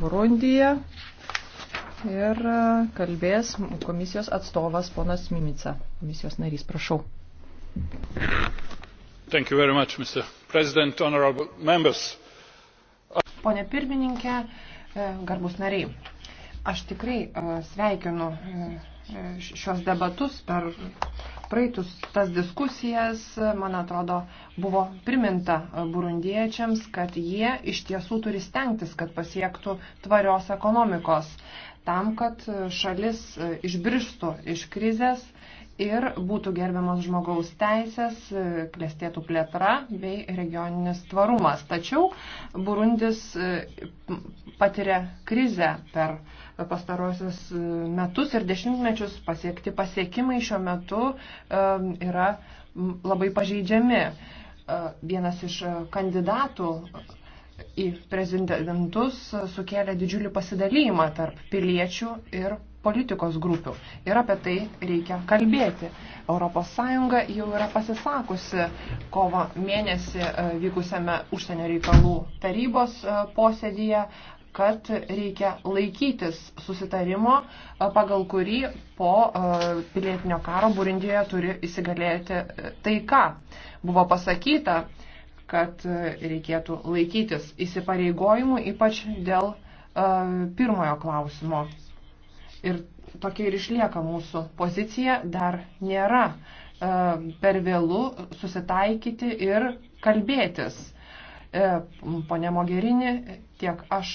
Burundija ir e, kalbės komisijos atstovas ponas Mimica. Komisijos narys, prašau. Thank you very much, Mr. President, honorable members. Pone pirmininkė, e, garbus nariai, aš tikrai e, sveikinu šios debatus per praeitus tas diskusijas, man atrodo, buvo priminta burundiečiams, kad jie iš tiesų turi stengtis, kad pasiektų tvarios ekonomikos, tam, kad šalis išbristų iš krizės ir būtų gerbiamos žmogaus teisės, klestėtų plėtra bei regioninis tvarumas. Tačiau Burundis e, patiria krizę per pastarosius e, metus ir dešimtmečius pasiekti pasiekimai šiuo metu e, yra labai pažeidžiami. Vienas iš kandidatų į prezidentus sukėlė didžiulį pasidalymą tarp piliečių ir politikos grupių. Ir apie tai reikia kalbėti. ES jau yra pasisakusi kovo mėnesį e, vykusiame užsienio reikalų tarybos e, posėdėje kad reikia laikytis susitarimo, e, pagal kurį po pilietinio karo Burindijoje turi įsigalėti taika. Buvo pasakyta, kad reikėtų laikytis įsipareigojimų, ypač dėl pirmojo klausimo. Ir tokia ir išlieka mūsų pozicija, dar nėra e, per vėlų susitaikyti ir kalbėtis. E, pone Mogerini, tiek aš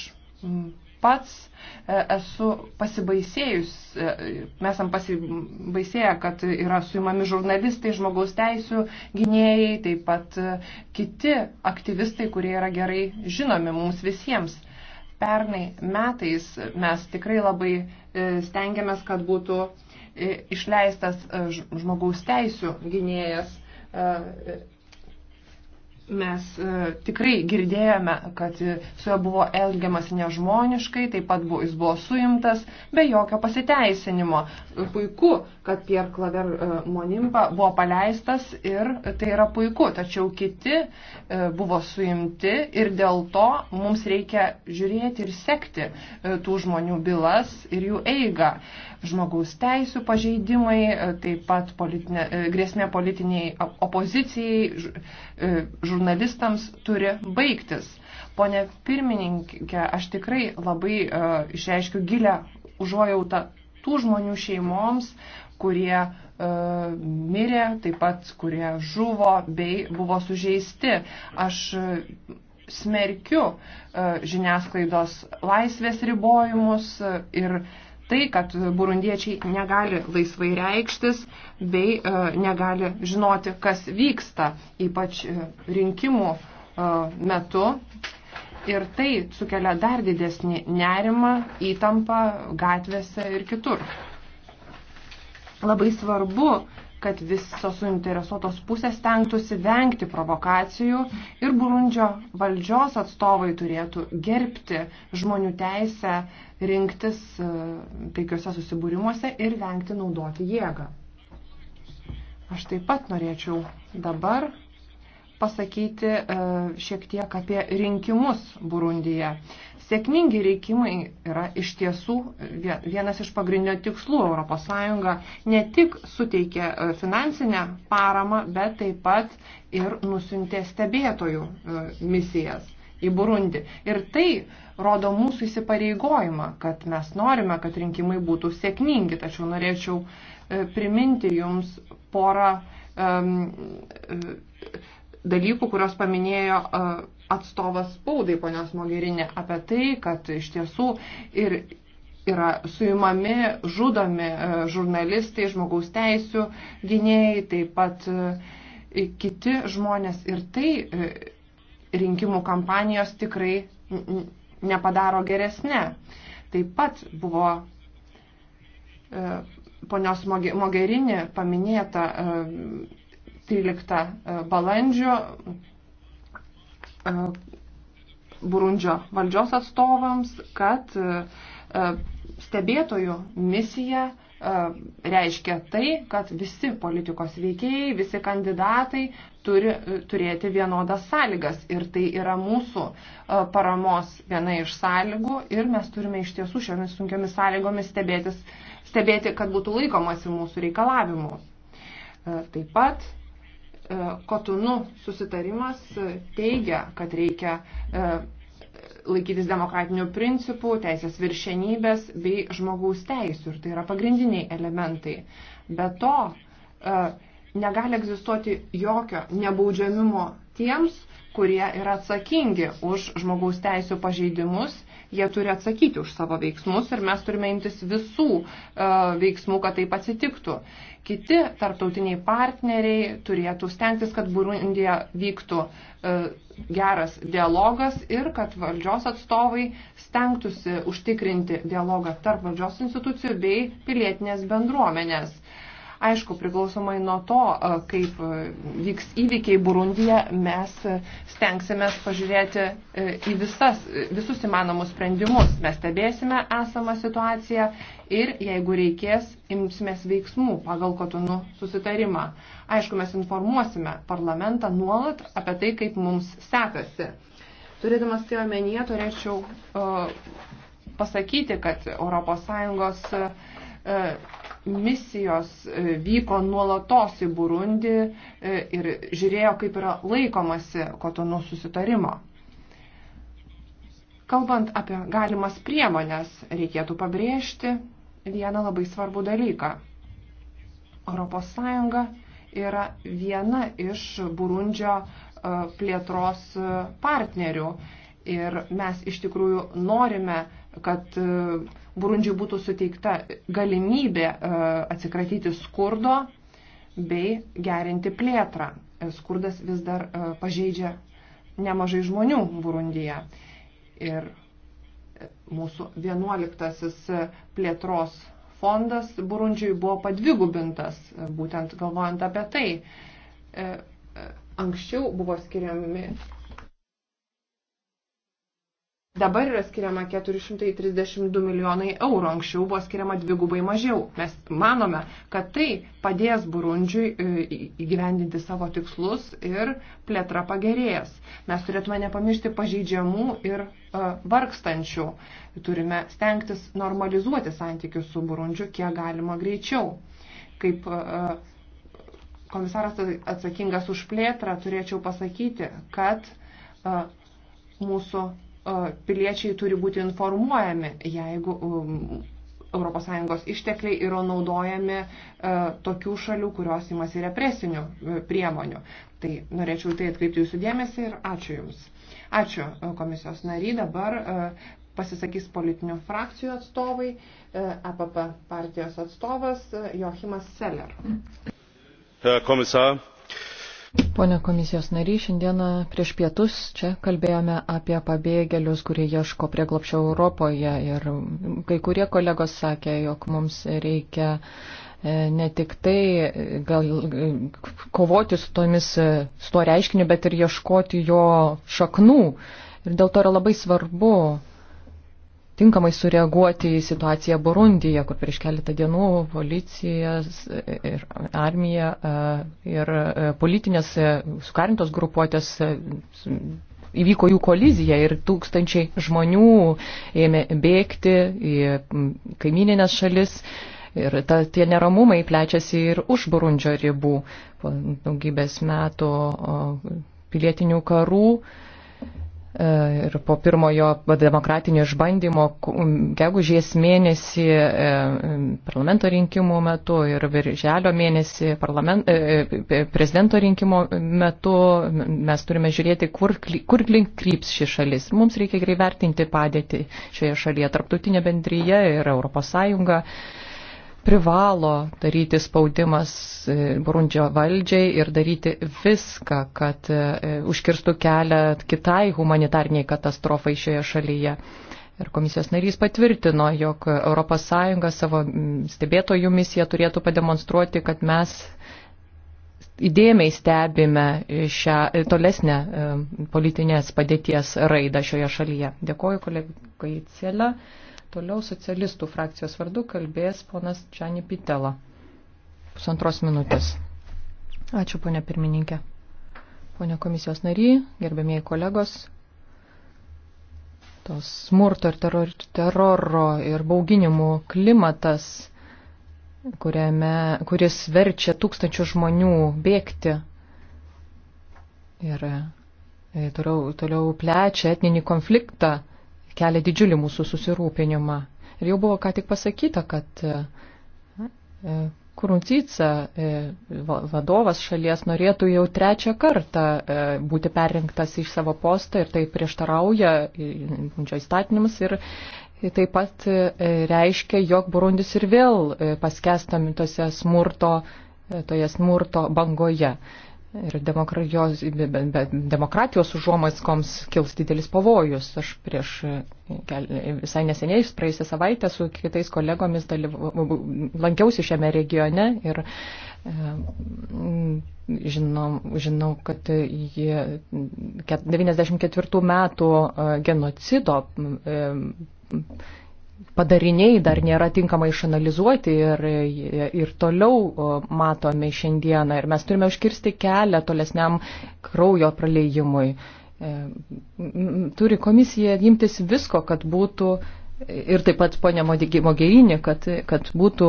pats e, esu pasibaisėjus, e, mes esam pasibaisėję, kad yra suimami žurnalistai, žmogaus teisų gynėjai, taip pat e, kiti aktyvistai, kurie yra gerai žinomi mums visiems. Pernai metais mes tikrai labai e, stengiamės, kad būtų e, išleistas e, žmogaus teisų gynėjas Mes e, tikrai girdėjome, kad su juo buvo elgiamas nežmoniškai, taip pat buvo, jis buvo suimtas be jokio pasiteisinimo. Puiku, kad Pierre Claver e, Monimpa buvo paleistas ir tai yra puiku, tačiau kiti e, buvo suimti ir dėl to mums reikia žiūrėti ir sekti e, tų žmonių bylas ir jų eigą. E, žmogaus teisų pažeidimai, e, taip pat politinė, e, grėsmė politiniai opozicijai, e, žurnalistams turi baigtis. Pone pirmininkė, aš tikrai labai išreiškiu gilę užuojautą tų žmonių šeimoms, kurie e, mirė, taip pat kurie žuvo bei buvo sužeisti. Aš smerkiu e, žiniasklaidos laisvės ribojimus ir e, tai, kad burundiečiai negali laisvai reikštis bei e, negali žinoti, kas vyksta, ypač e, rinkimų e, metu. Ir tai sukelia dar didesnį nerimą, įtampą gatvėse ir kitur. Labai svarbu kad visos suinteresuotos pusės stengtųsi vengti provokacijų ir Burundžio valdžios atstovai turėtų gerbti žmonių teisę rinktis e, taikiuose susibūrimuose ir vengti naudoti jėgą. Aš taip pat norėčiau dabar pasakyti e, šiek tiek apie rinkimus Burundyje. Sėkmingi reikimai yra iš tiesų vienas iš pagrindinio tikslų. ES ne tik suteikė e, finansinę paramą, bet taip pat ir nusintė stebėtojų e, misijas į Burundį. Ir tai rodo mūsų įsipareigojimą, kad mes norime, kad rinkimai būtų sėkmingi. Tačiau norėčiau e, priminti jums porą. Um, dalykų, kurios paminėjo e, atstovas spaudai ponios Mogerinė apie tai, kad iš tiesų ir yra suimami, žudomi e, žurnalistai, žmogaus teisų gynėjai, taip pat e, kiti žmonės ir tai rinkimų kampanijos tikrai nepadaro geresnė. Taip pat buvo ponios Mogerinė paminėta 13 e, balandžio e, Burundžio valdžios atstovams, kad e, stebėtojų misija reiškia tai, kad visi politikos veikėjai, visi kandidatai turi turėti vienodas sąlygas. Ir tai yra mūsų paramos viena iš sąlygų ir mes turime iš tiesų šiomis sunkiomis sąlygomis stebėtis, stebėti, kad būtų laikomasi mūsų reikalavimų. Taip pat E, Kotonu susitarimas teigia, kad reikia e, laikytis demokratinių principų, teisės viršenybės bei žmogaus teisų. Ir tai yra pagrindiniai elementai. Be to, e, negali egzistuoti jokio nebaudžiamimo tiems, kurie yra atsakingi už žmogaus teisų pažeidimus Jie turi atsakyti už savo veiksmus ir mes turime imtis visų e, veiksmų, kad taip atsitiktų. Kiti tarptautiniai partneriai turėtų stengtis, kad Burundija vyktų e, geras dialogas ir kad valdžios atstovai stengtųsi užtikrinti dialogą tarp valdžios institucijų bei pilietinės bendruomenės. Aišku, priklausomai nuo to, e, kaip e, vyks įvykiai Burundija, mes e, stengsime pažiūrėti į visas, visus įmanomus sprendimus. Mes stebėsime esamą situaciją ir, jeigu reikės, imsimės veiksmų pagal kotonų susitarimą. Aišku, mes informuosime parlamentą nuolat apie tai, kaip mums sekasi. Turėdamas tai omenyje, turėčiau uh, pasakyti, kad ES E, misijos e, vyko nuolatos į Burundį e, ir žiūrėjo, kaip yra laikomasi kotonų susitarimo. Kalbant apie galimas priemonės, reikėtų pabrėžti vieną labai svarbų dalyką. ES yra viena iš Burundžio plėtros partnerių ir mes iš tikrųjų norime, kad Burundžiui būtų suteikta galimybė e, atsikratyti skurdo bei gerinti plėtrą. E, skurdas vis dar e, pažeidžia nemažai žmonių Burundyje. Ir mūsų 11 plėtros fondas Burundžiui buvo padvigubintas, būtent galvojant apie tai. Anksčiau buvo skiriami Dabar yra skiriama 432 milijonai eurų, anksčiau buvo skiriama dvigubai mažiau. Mes manome, kad tai padės Burundžiui e, įgyvendinti savo tikslus ir plėtra pagerės. Mes turėtume nepamiršti pažeidžiamų ir e, vargstančių. Turime stengtis normalizuoti santykius su Burundžiu kiek galima greičiau. Kaip e, komisaras atsakingas už plėtrą turėčiau pasakyti, kad mūsų piliečiai turi būti informuojami, jeigu um, ES ištekliai yra naudojami tokių šalių, kurios imasi represinių priemonių. Tai norėčiau tai atkreipti jūsų dėmesį ir ačiū Jums. Ačiū komisijos nariai. Dabar pasisakys politinių frakcijų atstovai, APP partijos atstovas Jochimas Seller. Herr Kommissar, Pone komisijos nariai, šiandieną prieš pietus čia kalbėjome apie pabėgėlius, kurie ieško prieglopščio Europoje ir kai kurie kolegos sakė, jog mums reikia e, ne tik tai e, gal, e, kovoti su, tomis, su tuo reiškiniu, bet ir ieškoti jo šaknų. Ir dėl to yra labai svarbu tinkamai sureaguoti į situaciją Burundyje, kur prieš keletą dienų policija ir armija e, ir e, politinės e, sukarintos grupuotės įvyko jų kolizija ir tūkstančiai žmonių ėmė bėgti į kaimininės šalis. Ir ta, tie neramumai plečiasi ir už Burundžio ribų. Po daugybės metų pilietinių karų E, ir po pirmojo demokratinio išbandymo gegužės mėnesį e, parlamento rinkimų metu ir virželio mėnesį e, prezidento rinkimų metu mes turime žiūrėti, kur, kur link kryps ši šalis. Mums reikia greivertinti padėtį šioje šalyje, tarptautinė bendryje ir Europos Sąjunga privalo daryti spaudimas e, Burundžio valdžiai ir daryti viską, kad e, užkirstų kelią kitai humanitarniai katastrofai šioje šalyje. Ir komisijos narys patvirtino, jog ES savo stebėtojų misiją turėtų pademonstruoti, kad mes įdėmiai stebime šią e, tolesnę politinės padėties raidą šioje šalyje. Dėkoju kolegai Celė. Toliau socialistų frakcijos vardu kalbės ponas Čani Pitela. Pusantros minutės. Ačiū, ponė pirmininkė. Pone komisijos nary, gerbėmieji kolegos, tos smurto ir teror, teroro ir bauginimų klimatas, kuriame, kuris verčia tūkstančių žmonių bėgti ir toliau, toliau plečia etninį konfliktą kelia didžiulį mūsų susirūpinimą. Ir jau buvo ką tik pasakyta, kad e, e, Kuruncyca e, vadovas šalies norėtų jau trečią kartą būti perrinktas iš savo postą ir tai prieštarauja čia įstatymams ir taip pat reiškia, jog Burundis ir vėl paskestami tose smurto, toje smurto bangoje. Ir demokratijos, be, be, demokratijos užuomaskoms kils didelis pavojus. Aš prieš e, e, visai neseniai, praėjusią savaitę su kitais kolegomis dalyva, e, lankiausi šiame regione ir žinau, žinau kad 94 metų genocido padariniai dar nėra tinkamai išanalizuoti ir, ir toliau matomi šiandieną. Ir mes turime užkirsti kelią tolesniam kraujo praleidimui. E, turi komisija imtis visko, kad būtų ir taip pat ponia Mogėjinė, kad, kad būtų,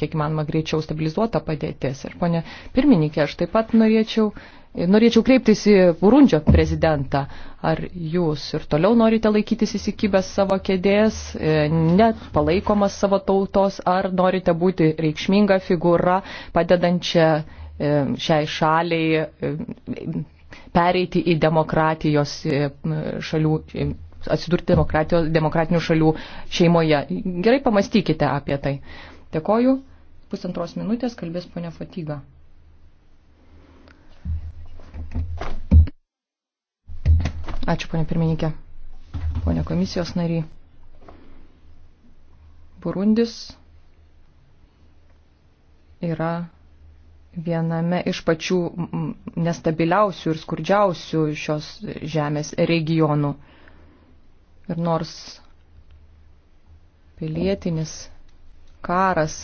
kiek įmanoma, greičiau stabilizuota padėtis. Ir ponia pirmininkė, aš taip pat norėčiau, norėčiau kreiptis į Burundžio prezidentą. Ar jūs ir toliau norite laikytis įsikibęs savo kėdės, e, net palaikomas savo tautos, ar norite būti reikšminga figūra, padedančia e, šiai šaliai e, pereiti į demokratijos šalių atsidurti demokratinių šalių šeimoje. Gerai pamastykite apie tai. Dėkoju. Pusantros minutės kalbės ponia Fatiga. Ačiū, ponia pirmininkė. Ponia komisijos nariai. Burundis yra viename iš pačių nestabiliausių ir skurdžiausių šios žemės regionų. Ir nors pilietinis karas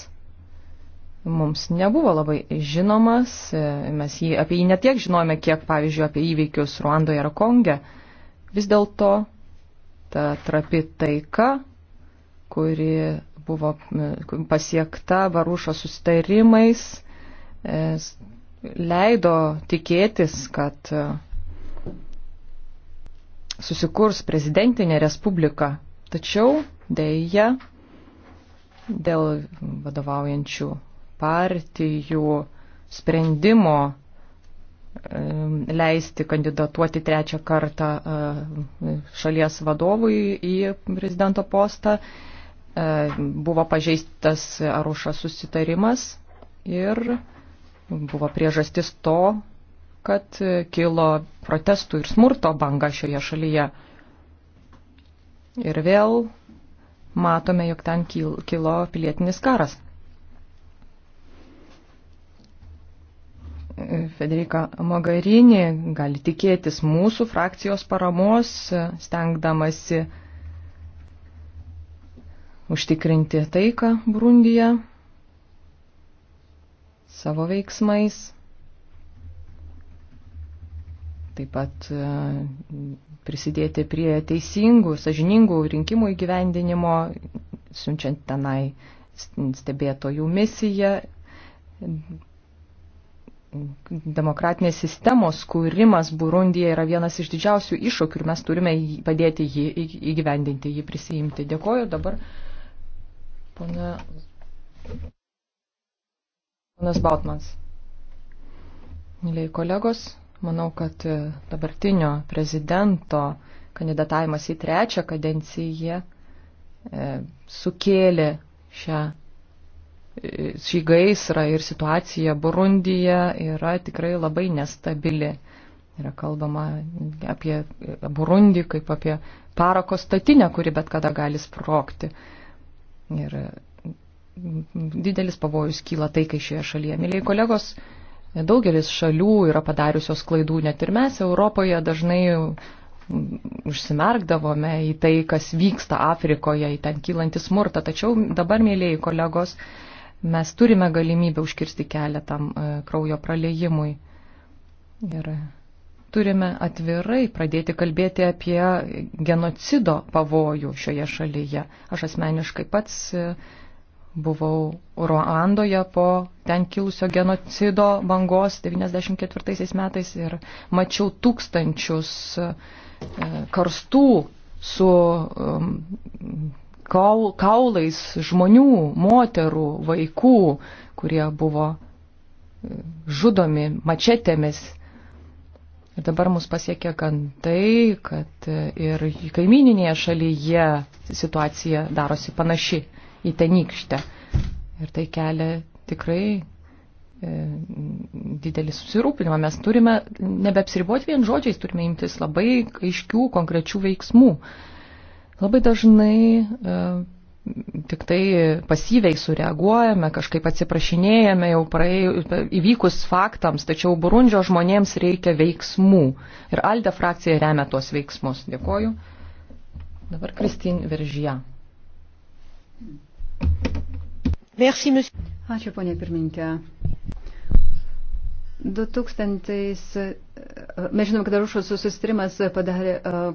mums nebuvo labai žinomas, e, mes jį, apie jį netiek žinojome, kiek, pavyzdžiui, apie įvykius Ruandoje ar Konge, vis dėlto ta trapi taika, kuri buvo e, pasiekta Barušo sustarimais, e, leido tikėtis, kad susikurs prezidentinė respublika, tačiau dėja dėl vadovaujančių partijų sprendimo leisti kandidatuoti trečią kartą e, šalies vadovui į prezidento postą. E, buvo pažeistas Arušas susitarimas ir buvo priežastis to, kad kilo protestų ir smurto banga šioje šalyje. Ir vėl matome, jog ten kilo pilietinis karas. Federika Mogarini gali tikėtis mūsų frakcijos paramos, stengdamasi užtikrinti taiką Brundyje savo veiksmais taip pat e, prisidėti prie teisingų, sažiningų rinkimų įgyvendinimo, siunčiant tenai stebėtojų misiją, demokratinės sistemos kūrimas Burundija yra vienas iš didžiausių iššūkių ir mes turime padėti jį įgyvendinti, jį prisijimti. Dėkoju dabar. Pona... Ponas Bautmans. Mėlyi kolegos, Manau, kad e, dabartinio prezidento kandidatavimas į trečią kadenciją e, sukėlė šią, e, šį gaisrą ir situacija Burundija yra tikrai labai nestabili. Yra kalbama apie Burundį kaip apie parako statinę, kuri bet kada gali sprokti. Ir didelis pavojus kyla tai, kai šioje šalyje. Mėlyje kolegos, Daugelis šalių yra padariusios klaidų, net ir mes Europoje dažnai mm, užsimerkdavome į tai, kas vyksta Afrikoje, į ten kylantį smurtą. Tačiau dabar, mėlyi kolegos, mes turime galimybę užkirsti kelią tam e, kraujo praleimui. Ir turime atvirai pradėti kalbėti apie genocido pavojų šioje šalyje. Aš asmeniškai pats e, Buvau Ruandoje po ten kilusio genocido bangos 94 metais ir mačiau tūkstančius e, karstų su um, kaulais žmonių, moterų, vaikų, kurie buvo e, žudomi mačetėmis. Ir dabar mus pasiekia gandai, kad e, ir kaimininėje šalyje situacija darosi panaši į tenykštę. Ir tai kelia tikrai e, didelį susirūpinimą. Mes turime nebeapsiriboti vien žodžiais, turime imtis labai aiškių, konkrečių veiksmų. Labai dažnai e, tik tai pasyviai sureaguojame, kažkaip atsiprašinėjame jau praėjų, e, įvykus faktams, tačiau Burundžio žmonėms reikia veiksmų. Ir Alde frakcija remia tuos veiksmus. Dėkoju. Dabar Kristin Veržija. Ačiū, ponė pirmininkė. 2000, mes žinom, kad Rušos susistrimas padarė,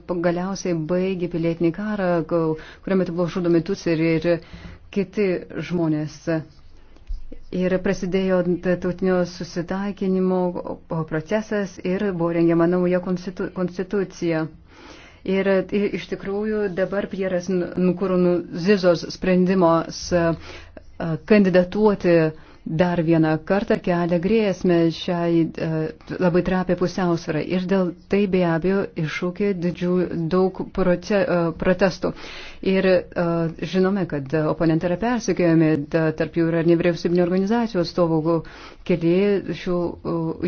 galiausiai baigė pilietinį karą, kuriuo metu buvo žudomi tuceriai ir kiti žmonės. Ir prasidėjo tautinio susitaikinimo procesas ir buvo rengiama nauja konstitu, konstitucija. Ir iš tikrųjų dabar Pieras Nkurunų Zizos sprendimas kandidatuoti dar vieną kartą kelia grėsmę šiai e, labai trapė pusiausvėrai. Ir dėl tai be abejo iššūkė didžių daug proce, e, protestų. Ir e, žinome, kad oponentai yra persikėjami, tarp jų yra nevyriausybinio organizacijų atstovų, keli šių,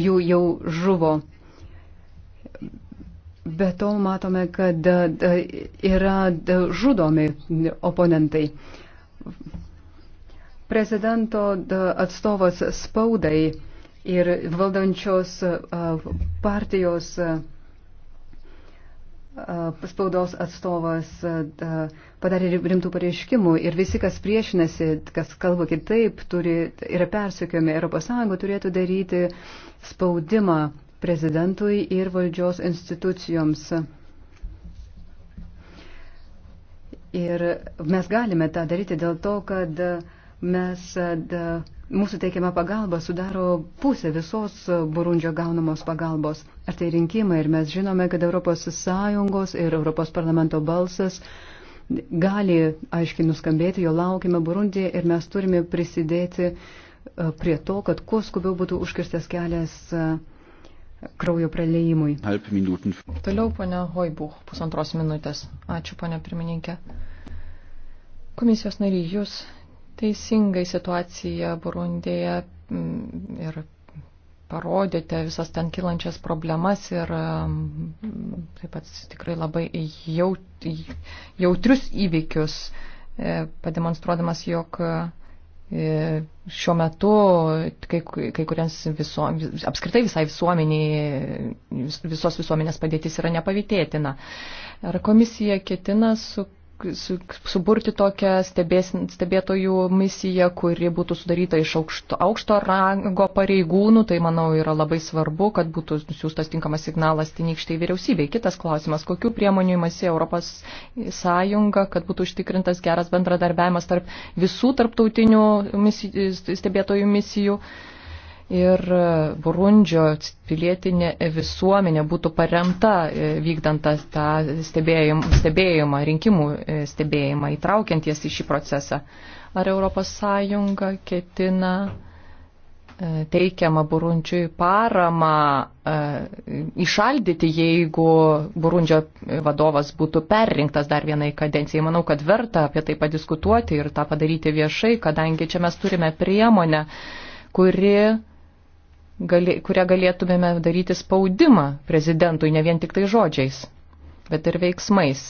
jų jau žuvo. Be to matome, kad yra žudomi oponentai prezidento atstovas spaudai ir valdančios partijos spaudos atstovas padarė rimtų pareiškimų ir visi, kas priešinasi, kas kalba kitaip, turi, yra persikiami ES, turėtų daryti spaudimą prezidentui ir valdžios institucijoms. Ir mes galime tą daryti dėl to, kad uh, Mes, e, da, mūsų teikiama pagalba sudaro pusę visos Burundžio gaunamos pagalbos. Ar tai rinkimai? Ir mes žinome, kad ES ir ES parlamento balsas gali aiškiai nuskambėti, jo laukime Burundėje ir mes turime prisidėti e, prie to, kad kuo skubiau būtų užkirstas kelias e, kraujo praleimui. Toliau, ponia Hoibuch, pusantros minutės. Ačiū, ponia pirmininkė. Komisijos nariai, jūs teisingai situaciją Burundėje mm, ir parodėte visas ten kilančias problemas ir mm, taip pat tikrai labai jaut, jautrius įvykius, e, pademonstruodamas, jog e, šiuo metu kai, kai kuriems viso, apskritai visai visuomeniai, visos visuomenės padėtis yra nepavytėtina. Ar komisija ketina su suburti tokią stebės, stebėtojų misiją, kuri būtų sudaryta iš aukšto, aukšto rango pareigūnų. Tai, manau, yra labai svarbu, kad būtų nusiųstas tinkamas signalas tenykštai vyriausybei. Kitas klausimas, kokiu priemonių įmasi Europos sąjunga, kad būtų užtikrintas geras bendradarbiavimas tarp visų tarptautinių misijų, stebėtojų misijų. Uh, ir Burundžio pilietinė visuomenė būtų paremta e, vykdant tą stebėjimą, stebėjimą, rinkimų e, stebėjimą, įtraukiant jas į šį procesą. Ar ES ketina e, teikiamą Burundžiui paramą išaldyti, jeigu Burundžio vadovas būtų perrinktas dar vienai kadencijai. Manau, kad verta apie tai padiskutuoti ir tą padaryti viešai, kadangi čia mes turime priemonę, kuri gali, kurią galėtumėme daryti spaudimą prezidentui, ne vien tik tai žodžiais, bet ir veiksmais.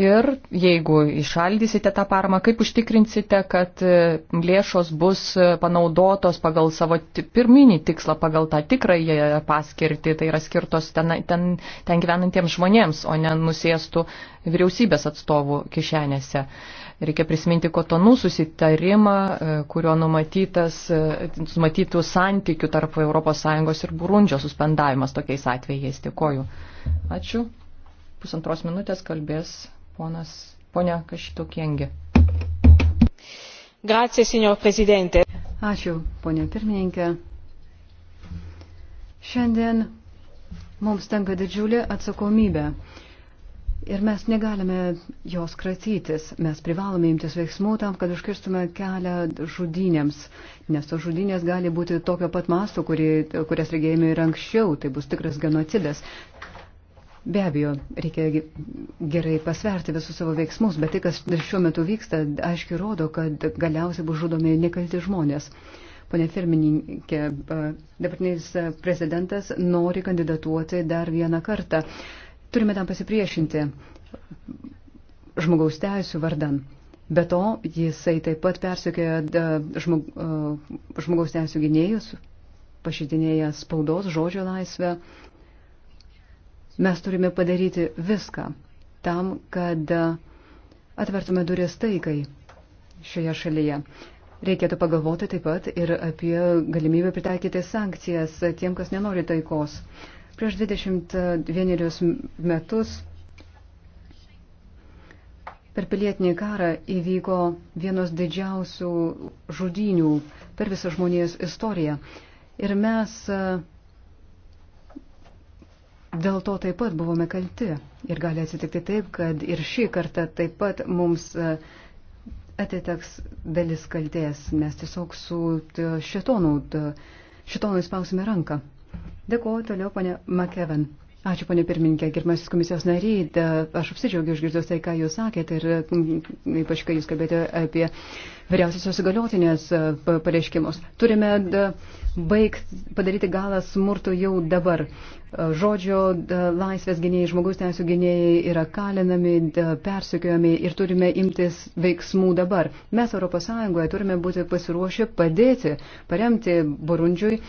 Ir jeigu išaldysite tą paramą, kaip užtikrinsite, kad e, lėšos bus e, panaudotos pagal savo pirminį tikslą, pagal tą tikrąją paskirtį, tai yra skirtos ten, ten, ten gyvenantiems žmonėms, o ne nusėstų vyriausybės atstovų kišenėse. Reikia prisiminti kotonų susitarimą, e, kurio e, numatytų santykių tarp ES ir Burundžio suspendavimas tokiais atvejais. Dėkoju. Ačiū. Pusantros minutės kalbės ponas, ponia Kašitokiengi. Grazie, signor Presidente. Ačiū, ponia pirmininkė. Šiandien mums tenka didžiulė atsakomybė. Ir mes negalime jos kratytis, mes privalome imtis veiksmų tam, kad užkirstume kelią žudynėms, nes tos žudynės gali būti tokio pat masto, kuri, kurias regėjome ir anksčiau, tai bus tikras genocidas. Be abejo, reikia gerai pasverti visus savo veiksmus, bet tai, kas šiuo metu vyksta, aiškiai rodo, kad galiausiai bus žudomi nekalti žmonės. Pone firmininkė, dabartinis prezidentas nori kandidatuoti dar vieną kartą turime tam pasipriešinti žmogaus teisų vardan. Be to, jisai taip pat persikėjo žmog, žmogaus teisų gynėjus, pažydinėja spaudos žodžio laisvę. Mes turime padaryti viską tam, kad atvertume durės taikai šioje šalyje. Reikėtų pagalvoti taip pat ir apie galimybę pritaikyti sankcijas tiem, kas nenori taikos. Prieš 21 e, metus per pilietinį karą įvyko vienos didžiausių žudynių per visą žmonijos istoriją. Ir mes e, dėl to taip pat buvome kalti. Ir gali atsitikti taip, kad ir šį kartą taip pat mums e, atiteks dalis kalties. Mes tiesiog su šetonu, šetonui spausime ranką. Dėkuoju toliau, ponė Makeven. Ačiū, ponė pirmininkė, girmasis komisijos nariai. Aš apsidžiaugiu išgirdus tai, ką jūs sakėte ir mm, ypač, kai jūs kalbėjote apie vyriausiosios įgaliotinės e, pareiškimus. Turime baigt, padaryti galą smurtų jau dabar. E, žodžio laisvės gynėjai, žmogus teisų gynėjai yra kalinami, persikiojami ir turime imtis veiksmų dabar. Mes ES turime būti pasiruošę padėti, paremti Burundžiui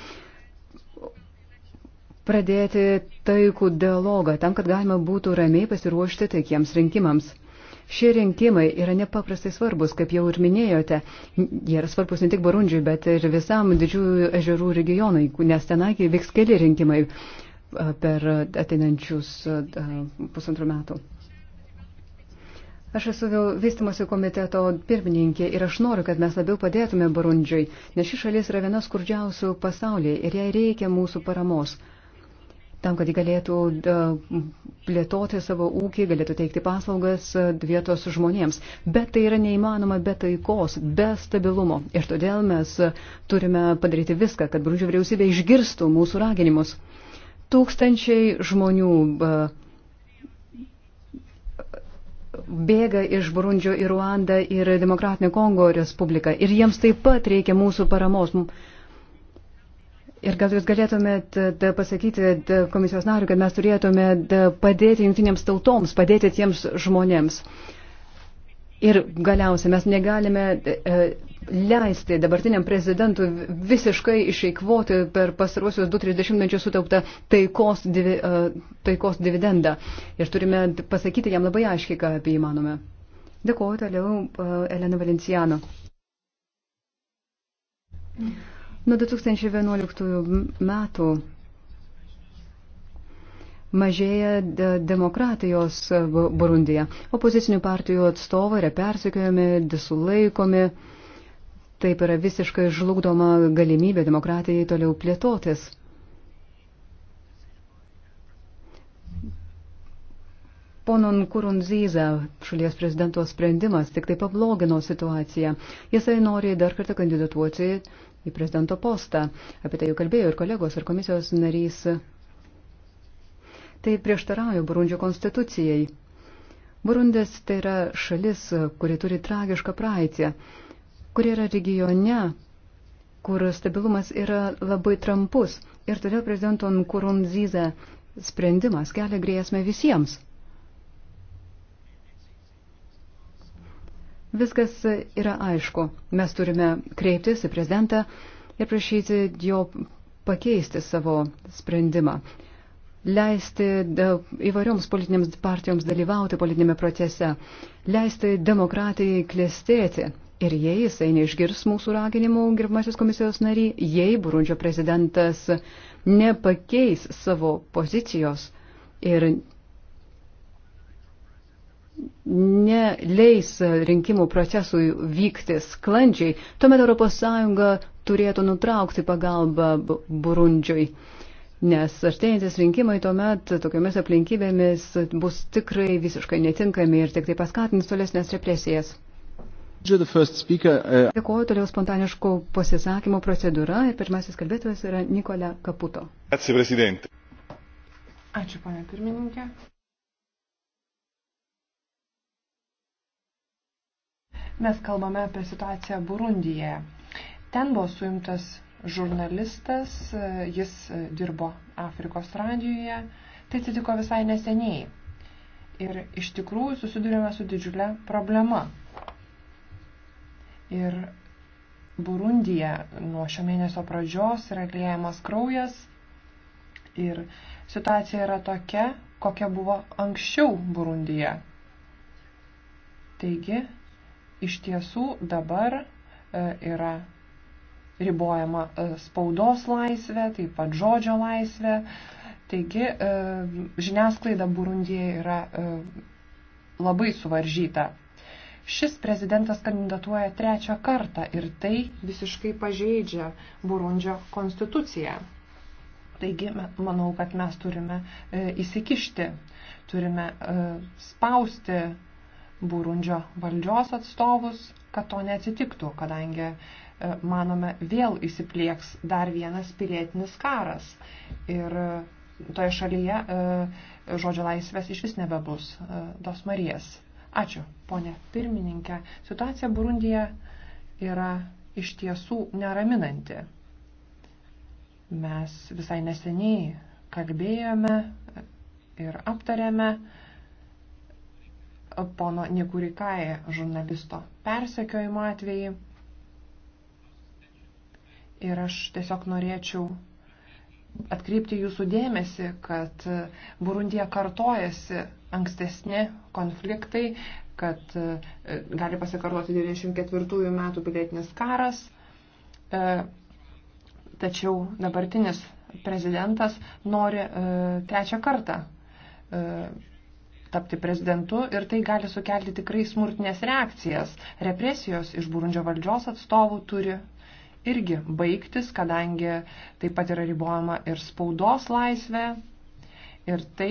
pradėti taikų dialogą tam, kad galima būtų ramiai pasiruošti taikiems rinkimams. Šie rinkimai yra nepaprastai svarbus, kaip jau ir minėjote. Jie yra svarbus ne tik Barundžiui, bet ir visam didžiųjų ežerų regionai, nes tenai vyks keli rinkimai per ateinančius pusantrų metų. Aš esu vystimosi komiteto pirmininkė ir aš noriu, kad mes labiau padėtume Barundžiui, nes ši šalis yra viena skurdžiausių pasaulyje ir jai reikia mūsų paramos tam, kad jie galėtų plėtoti savo ūkį, galėtų teikti paslaugas vietos žmonėms. Bet tai yra neįmanoma be taikos, be stabilumo. Ir todėl mes turime padaryti viską, kad Brūdžio vyriausybė išgirstų mūsų raginimus. Tūkstančiai žmonių bėga iš Burundžio į Ruandą ir Demokratinę Kongo Respubliką. Ir jiems taip pat reikia mūsų paramos. Mums Ir gal jūs galėtumėt e, pasakyti komisijos nariu, kad mes turėtume padėti jungtinėms tautoms, padėti tiems žmonėms. Ir galiausiai mes negalime e, leisti dabartiniam prezidentui visiškai išeikvoti per pastaruosius 2-30 mečius sutauptą taikos, divi, e, taikos dividendą. Ir turime pasakyti jam labai aiškiai, ką apie jį manome. Dėkuoju toliau Elena Valenciano. Mm. Nuo 2011 metų mažėja demokratijos Burundija. Opozicinių partijų atstovai yra persikiojami, sulaikomi. Taip yra visiškai žlugdoma galimybė demokratijai toliau plėtotis. Pono Nkurunzyza šalies prezidento sprendimas tik tai pablogino situaciją. Jisai nori dar kartą kandidatuoti į prezidento postą. Apie tai jau kalbėjo ir kolegos, ir komisijos narys. Tai prieštarauja Burundžio konstitucijai. Burundės tai yra šalis, kuri turi tragišką praeitį, kuri yra regione, kur stabilumas yra labai trampus ir todėl prezidento Nkurunziza sprendimas kelia grėsmę visiems. Viskas yra aišku. Mes turime kreiptis į prezidentą ir prašyti jo pakeisti savo sprendimą, leisti įvairioms politinėms partijoms dalyvauti politinėme procese, leisti demokratijai klestėti. Ir jei jisai neišgirs mūsų raginimų, gerbimasis komisijos nariai, jei Burundžio prezidentas nepakeis savo pozicijos ir neleis rinkimų procesui vykti sklandžiai, tuomet ES turėtų nutraukti pagalbą Burundžiui. Nes artėjantis rinkimai tuomet tokiamis aplinkybėmis bus tikrai visiškai netinkami ir tik tai paskatins tolesnės represijas. Uh, Dėkuoju toliau spontaniškų pasisakymų procedūra ir pirmasis kalbėtojas yra Nikola Kaputo. Ačiū, Ačiū, ponė pirmininkė. Mes kalbame apie situaciją Burundyje. Ten buvo suimtas žurnalistas, jis dirbo Afrikos radijoje. Tai atsitiko visai neseniai. Ir iš tikrųjų susidurėme su didžiulė problema. Ir Burundija nuo šio mėnesio pradžios yra liejamas kraujas ir situacija yra tokia, kokia buvo anksčiau Burundija. Taigi, iš tiesų dabar e, yra ribojama e, spaudos laisvė, taip pat žodžio laisvė. Taigi e, žiniasklaida Burundėje yra labai suvaržyta. Šis prezidentas kandidatuoja trečią kartą ir tai visiškai pažeidžia Burundžio konstituciją. Taigi, manau, kad mes turime įsikišti, turime spausti Būrundžio valdžios atstovus, kad to neatsitiktų, kadangi, e, manome, vėl įsiplieks dar vienas pilietinis karas. Ir e, toje šalyje e, žodžio laisvės iš vis nebebus. Dos Marijas. Ačiū, ponė pirmininkė. Situacija Burundija yra iš tiesų neraminanti. Mes visai neseniai kalbėjome ir aptarėme, pono Nikurikaje žurnalisto persekiojimo atvejį. Ir aš tiesiog norėčiau atkreipti jūsų dėmesį, kad Burundija kartojasi ankstesni konfliktai, kad e, gali pasikartoti 94 metų pilietinis karas. E, tačiau dabartinis prezidentas nori e, trečią kartą tapti prezidentu ir tai gali sukelti tikrai smurtinės reakcijas. Represijos iš Burundžio valdžios atstovų turi irgi baigtis, kadangi taip pat yra ribojama ir spaudos laisvė. Ir tai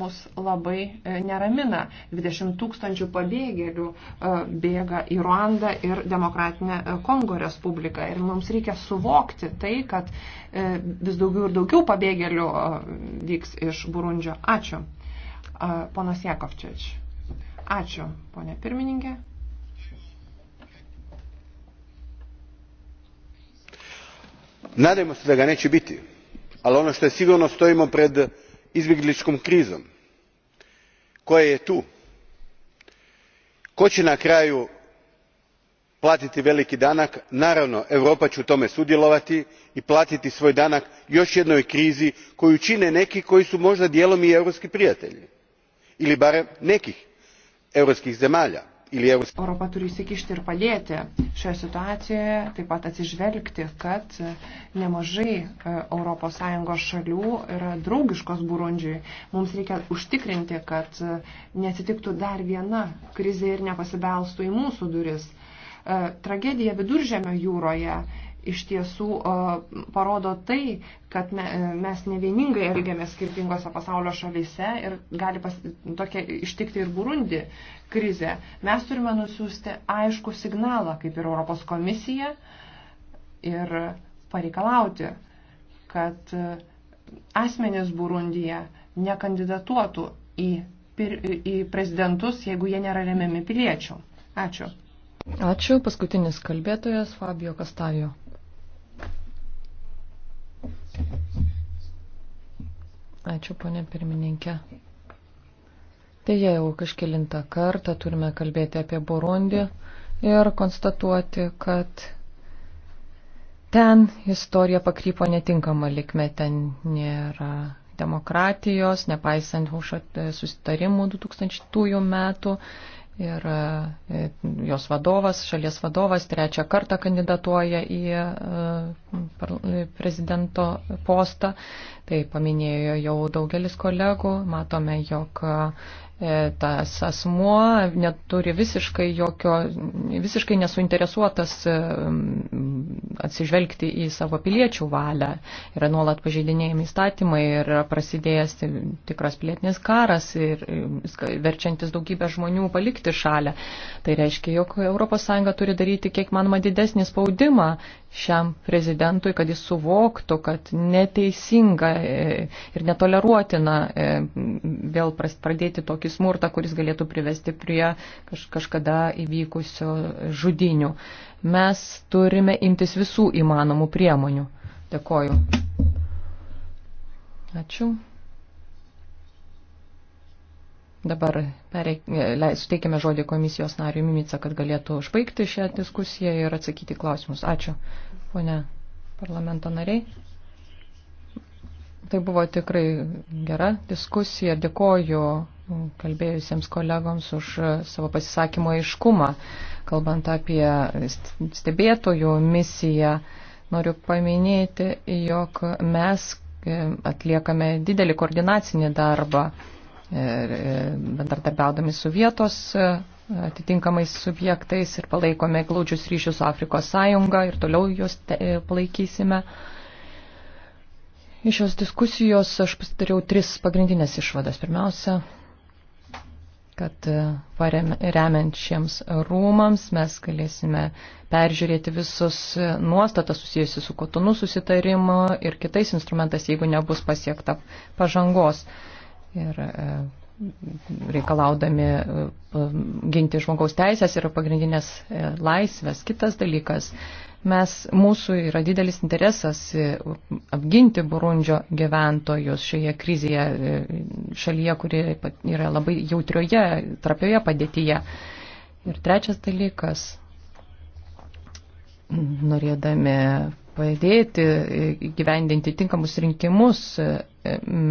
mus labai e, neramina. 20 tūkstančių pabėgėlių e, bėga į Ruandą ir Demokratinę e, Kongo Respubliką. Ir mums reikia suvokti tai, kad vis daugiau ir daugiau pabėgėlių vyks iš Burundžio. Ačiū. Ponas Jakovčič. Ačiū, ponė pirmininkė. nadajmo se da ga neće biti ali ono što je sigurno stojimo pred izbjegličkom krizom koja je tu. tko će na kraju platiti veliki danak? naravno europa će u tome sudjelovati i platiti svoj danak još jednoj krizi koju čine neki koji su možda dijelom i europski prijatelji ili barem nekih europskih zemalja. Europa turi įsikišti ir padėti šioje situacijoje, taip pat atsižvelgti, kad e, nemažai ES šalių yra draugiškos Burundžiui. Mums reikia užtikrinti, kad e, nesitiktų dar viena krizė ir nepasibelstų į mūsų duris. E, tragedija viduržėmio jūroje iš tiesų parodo tai, kad mes ne vieningai elgiamės skirtingose pasaulio šalyse ir gali pas, tokia ištikti ir Burundi krizė. Mes turime nusiųsti aišku signalą, kaip ir Europos komisija, ir pareikalauti, kad e, asmenys Burundija nekandidatuotų į, pir, į prezidentus, jeigu jie nėra remiami piliečių. Ačiū. Ačiū. Paskutinis kalbėtojas Fabio Kastajo. Ačiū, ponė pirmininkė. Deja, jau kažkilintą kartą turime kalbėti apie Burundį ir konstatuoti, kad ten istorija pakrypo netinkama likme, ten nėra demokratijos, nepaisant hušat e, susitarimų 2000 metų ir e, jos vadovas, šalies vadovas trečią kartą kandidatuoja e, į prezidento postą. Tai paminėjo jau daugelis kolegų. Matome, jog E, tas asmuo neturi visiškai jokio, visiškai nesuinteresuotas e, atsižvelgti į savo piliečių valią. Yra nuolat pažeidinėjami įstatymai ir prasidėjęs tikras pilietinis karas ir e, verčiantis daugybę žmonių palikti šalę. Tai reiškia, jog ES turi daryti kiek manoma didesnį spaudimą šiam prezidentui, kad jis suvoktų, kad neteisinga ir netoleruotina vėl pradėti tokį tokį smurtą, kuris galėtų privesti prie kaž, kažkada įvykusio žudinių. Mes turime imtis visų įmanomų priemonių. Dėkoju. Ačiū. Dabar pereik, suteikime žodį komisijos nariui Mimica, kad galėtų užbaigti šią diskusiją ir atsakyti klausimus. Ačiū, ponė parlamento nariai. Tai buvo tikrai gera diskusija. Dėkoju kalbėjusiems kolegoms už e, savo pasisakymo aiškumą. Kalbant apie stebėtojų misiją, noriu paminėti, jog mes e, atliekame didelį koordinacinį darbą, e, bendradarbiaudami su vietos atitinkamais subjektais ir palaikome glaudžius ryšius su Afrikos sąjunga ir toliau juos palaikysime. Iš šios diskusijos aš pasidariau tris pagrindinės išvadas. Pirmiausia, kad e, remiant šiems rūmams mes galėsime peržiūrėti visus e, nuostatas susijusi su kotonu susitarimu ir kitais instrumentais, jeigu nebus pasiekta pažangos. Ir e, reikalaudami ginti žmogaus teisės ir pagrindinės laisvės. Kitas dalykas Mes, mūsų yra didelis interesas e, apginti Burundžio gyventojus šioje krizėje, e, šalyje, kuri yra labai jautrioje, trapioje padėtyje. Ir trečias dalykas, norėdami padėti e, gyvendinti tinkamus rinkimus,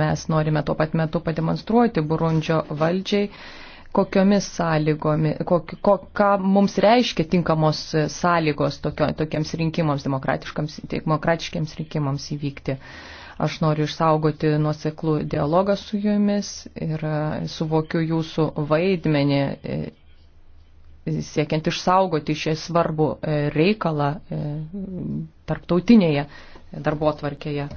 mes norime tuo pat metu pademonstruoti Burundžio valdžiai, kokiomis sąlygomis, kok, kok, ką mums reiškia tinkamos sąlygos tokio, tokiems rinkimams, demokratiškiams rinkimams įvykti. Aš noriu išsaugoti nuoseklų dialogą su jumis ir e, suvokiu jūsų vaidmenį e, siekiant išsaugoti šią svarbų e, reikalą tarptautinėje darbo tvarkėje.